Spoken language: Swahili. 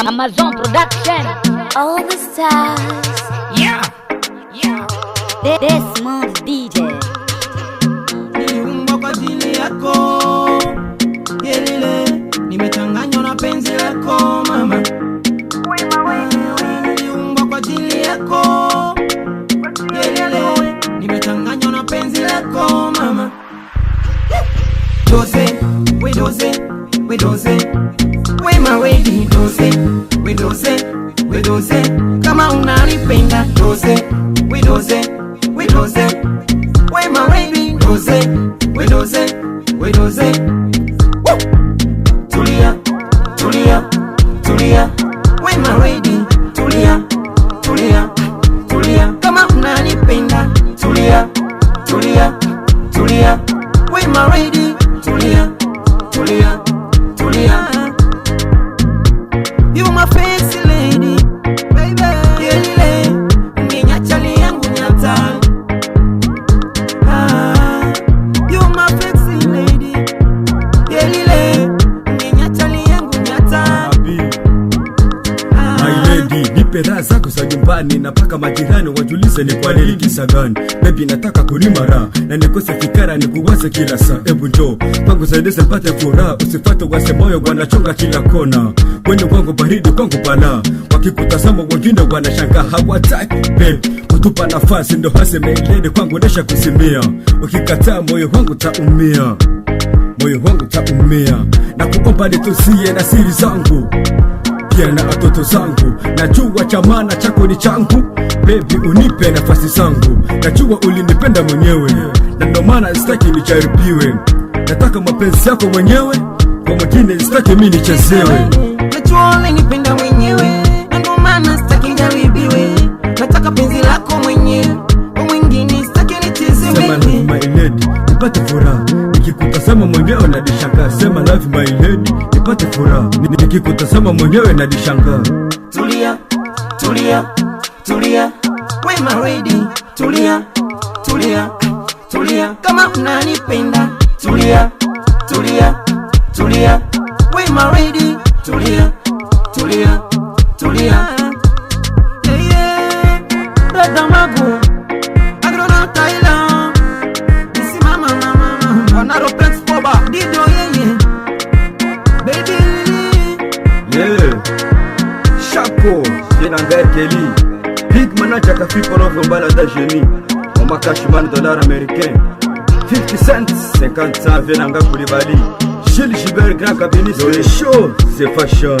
Amazon Production. All the stars. Yeah. Yeah. De this month DJ. um Mboko dili yako. doze, we doze, we doze, kama unalipenda doze, we doze, we doze, we my baby doze, we doze, we doze, tulia, tulia, tulia, we my baby tulia, tulia, tulia, kama unalipenda tulia, tulia, tulia, we my baby zako za nyumbani na paka majirani, wajulize ni kwa nini, kisa gani? Baby nataka kulima raha na nikose fikara, kuwaza kila saa. Ebu njo pangu saidizi pate furaha, usifate wase moyo chonga kila kona. Kwenye kwangu baridi, kwangu pana, wakikutazama wengine shanga hawataki baby kutupa nafasi, ndo hasi melede kwangu nesha kusimia. Ukikataa moyo wangu taumia, moyo wangu taumia, na kuomba nitusie na siri zangu pia na watoto zangu, najua chamana chako ni changu. Baby unipe nafasi zangu, najua ulinipenda mwenyewe, na ndomana maana sitaki nicharibiwe. Nataka mapenzi yako mwenyewe, kwa mwingine sitaki mi nichezewe. love my lady, nipate furaha nikikutazama mwenyewe na dishangaa. Tulia, tulia, tulia, we maridi, tulia, tulia, tulia, kama unanipenda tulia, tulia, tulia, we maridi, tulia moko ye na ngai keli big manajaka fikolofo mbala ata geni omba dollar américain 50 cent 50 cent vie na ngai kulibali gile gibert grand cabiniste show c'est fashion